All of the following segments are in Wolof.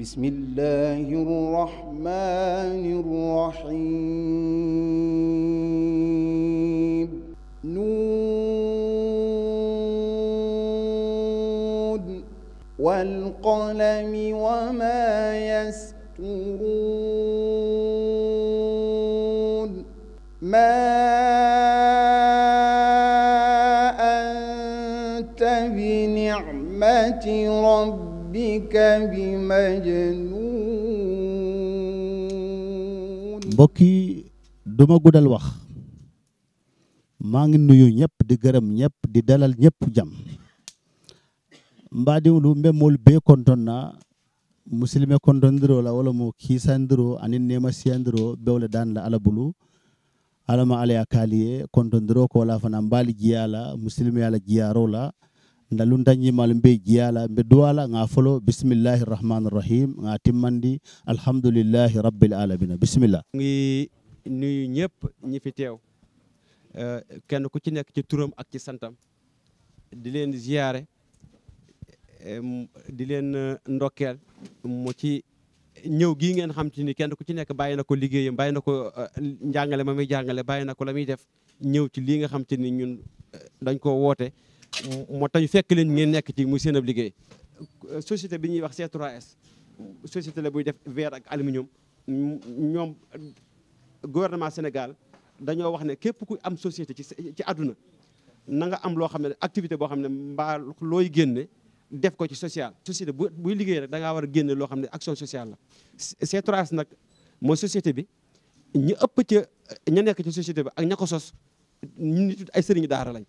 بسم الله الرحمن الرحيم نون والقلم وما يسطرون ما أنت بنعمة ربك ربك بمجنون mbokki duma guddal wax maa ngi nuyu ñëpp di gërëm ñëpp di dalal ñëpp jam mbaadiwlu mbemol be kontonna musilime kondondiro la wala mo kisandiro anin nema siyandiro bewle dan la alabulu alama ala ya kaliye kondondiro ko la fana mbali jiyala musilime ala jiyaro la lu ndalun dañimal mbe jiyala mbe duwala nga folo bismillahi rahmani rahim nga timmandi alhamdulillahi rabbil alamina bismillah ngi nuyu ñëpp ñi fi teew eh, kenn ku ci nekk ci turam ak ci santam di leen ziyaare di leen eh, ndokkeel mu ci ñëw gii ngeen xam ci ni kenn ku ci nekk bàyyi na ko liggéeyam bàyyi na ko eh, njàngale ma muy jàngale bàyyi na ko la muy def ñëw ci lii nga xam ci ni ñun dañ koo woote moo tax ñu fekk leen ngeen nekk ci muy seen liggéey société bi ñuy wax c 3 société la buy def verre ak aluminium ñoom gouvernement Sénégal dañoo wax ne képp ku am société ci ci àdduna na nga am loo xam ne activité boo xam ne mbaal looy génne def ko ci sociale société bu buy liggéey rek da war a génne loo xam ne action sociale la c 3 nag moo société bi ñu ëpp ca ñu nekk ci société bi ak ña ko sos ñu ay sëriñu daara lañ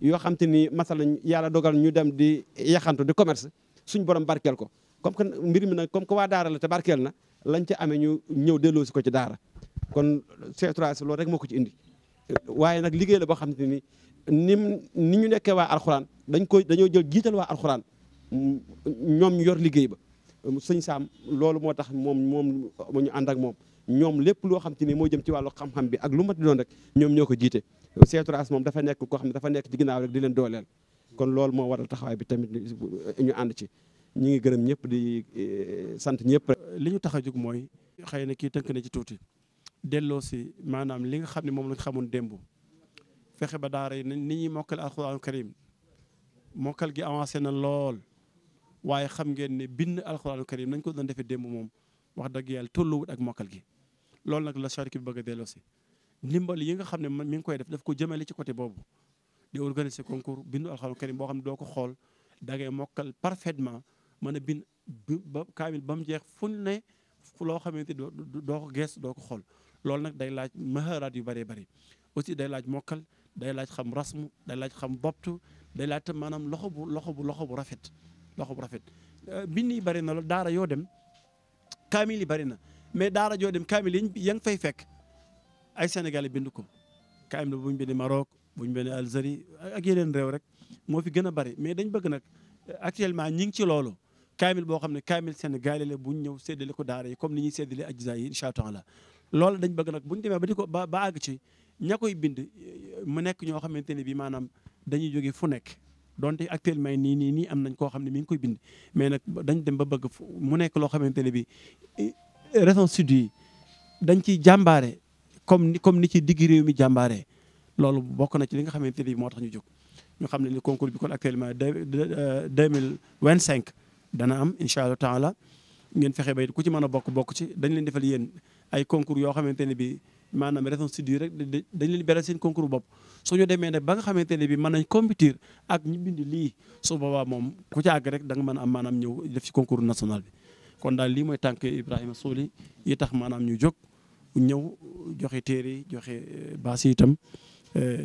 yoo xam te ni masalan yàlla dogal ñu dem di yaxantu di commerce suñ borom barkeel ko comme que mbir mi nag comme que waa daara la te barkeel na lañ ca amee ñu ñëw delloo si ko ci daara kon c 3 loolu rek moo ko ci indi waaye nag liggéey la boo xam te ni nim ni ñu nekkee waa alxuraan dañ koy dañoo jël jiital waa alxuraan ñoom ñu yor liggéey ba sëñ Saam loolu moo tax moom moom ñu ànd ak moom ñoom lépp loo xam te ni moo jëm ci wàllu xam-xam bi ak lu mat di rek ñoom ñoo ko jiite Cheikh Touré moom dafa nekk koo xam ne dafa nekk ci ginnaaw rek di leen dooleel kon loolu moo waral taxawaay bi tamit ñu ànd ci ñu ngi gërëm ñëpp di e, sant ñëpp. li ñu tax a jóg mooy xëy na kii tënk na ci tuuti delloo si maanaam li nga xam ne moom lañ xamoon démb fexe ba daara yi ni ñuy mokkal alxuraanu karim mokkal gi avancé na lool waaye xam ngeen ni bind alxuraanu karim nañ ko doon defee démb moom wax dëgg yàlla tolluwut ak mokkal gi loolu nag la charité bi bëgg a delloo si ndimbal yi nga xam ne mi ngi koy def daf ko jëmale ci côté boobu di organiser concours bindu alxuraan karim boo xam ne doo ko xool da ngay mokkal parfaitement mën a bind ba kaamil ba mu jeex fu ne loo xamante doo doo ko gees doo ko xool loolu nag day laaj maharaat yu bëree bëri aussi day laaj mokkal day laaj xam rasmu day laaj xam bopptu day laaj tam maanaam loxo bu loxo bu loxo bu rafet loxo bu rafet euh, bind yi bëri na la daara yoo dem kaamil yi bëri na mais daara joo dem kaamil yi ya nga fay fekk ay sénégalais bind ko KM bu ñu bindee Maroc bu ñu bindee Algérie ak yeneen rek moo fi gën a bari mais dañ bëgg nag actuellement ñi ngi ci loolu kaamil boo xam ne kaamil sénégalais la bu ñu ñëw séddale ko daara yi comme ni ñuy séddale ajza yi incha allah loolu dañ bëgg nag bu demee ba di ko ba àgg ci ña koy bind mu nekk ñoo xamante ne bi maanaam dañuy jóge fu nekk donte actuellement nii nii nii am nañ koo xam ne mi ngi koy bind mais nag dañ dem ba bëgg mu nekk loo xamante ne bi régions sud dañ ciy jàmbaare comme ni comme ni ci digg mi jàmbaaree loolu bokk na ci li nga xamante ni moo tax ñu jog ñu xam ne ni concours bi kon actuellement deux euh, mille vingt cinq dana am incha allah taala ngeen fexe bay ku ci mën a bokk bokk ci dañu leen defal yéen ay concours yoo xamante ne bi maanaam raison studio rek dañ leen beral seen concours bopp su ñu demee nag ba nga xamante ne bi mën nañ compétir ak ñu bindi lii su boobaa moom ku ci àgg rek da nga mën a am maanaam ñëw def ci concours national bi kon daal lii mooy tànk Ibrahima Souli yi tax maanaam ñu jóg ñëw joxe téere yi joxe euh, baas yi itam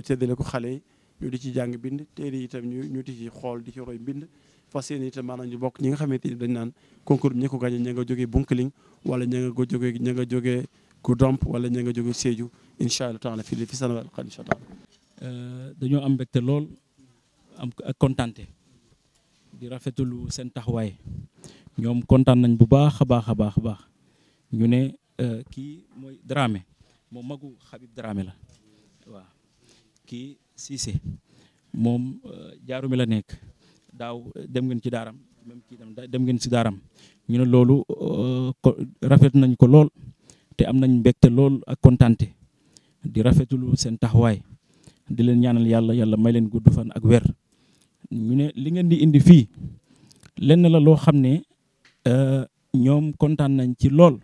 teddale euh, ko xale yi ñu di ci jàng bind téere yi itam ñu ñu di ci xool di ci bind fas yéene itam maanaam ñu bokk ñi nga xamante ni dañ naan concours bi ko gàñe ña nga jógee Bunkiling wala ña nga ko jógee ña nga jógee Goudomp wala ña nga jógee Sédhiou incha allah taala fi fi sanawal xan incha allah euh, dañoo am mbégte lool am ak kontante di rafetalu seen taxawaay ñoom kontaan nañ bu baax a baax ñu ne Euh, kii mooy Dramé moom magu Habib Dramé la waaw kii Cissé moom jaaru euh, mi la nekk daaw euh, dem ngeen ci daaram même kii tam dem ngeen ci daaram ñu ne loolu rafet nañ ko lool te am nañ mbégte lool ak kontante di rafetulu seen taxawaay di leen ñaanal yàlla yàlla may leen gudd fan ak weer ñu ne li ngeen di indi fii lenn la loo xam ne ñoom kontaan nañ ci lool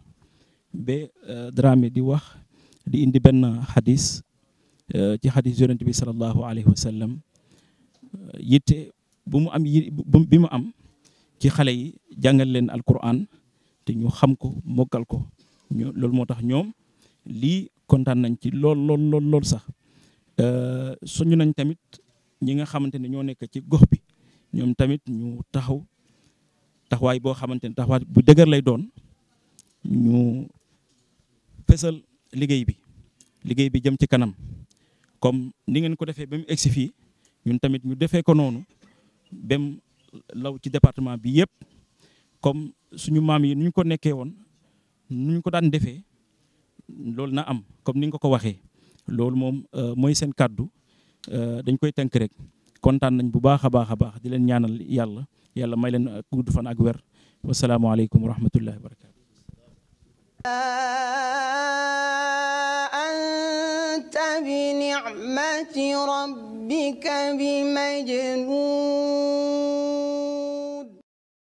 ba eh, Dramé di wax di indi benn xadis eh, ci xadis yonent bi sallallahu alayhi wa sallam eh, yitte bu mu am yi bi mu am ci xale yi jàngal leen Alquran te ñu xam ko mokkal ko ñu loolu moo tax ñoom lii kontaan nañ ci lool lool lool lool sax soñu nañ tamit ñi nga xamante ne ñoo nekk ci gox bi ñoom tamit ñu taxaw taxawaay boo xamante ne taxawaay bu dëgër lay doon fesal liggéey bi liggéey bi jëm ci kanam comme ni ngeen ko defee ba mu egsi fii ñun tamit ñu defee ko noonu bem law ci département bi yëpp comme suñu maam yi nu ñu ko nekkee woon nu ñu ko daan defee loolu na am comme ni nga ko waxee loolu moom euh, mooy seen kàddu euh, dañ koy tënk rek kontaan nañ bu baax a baax a baax di leen ñaanal yàlla yàlla may leen gudd fan ak wer wasalaamaaleykum wa rahmatullahi wa ربك بمجنون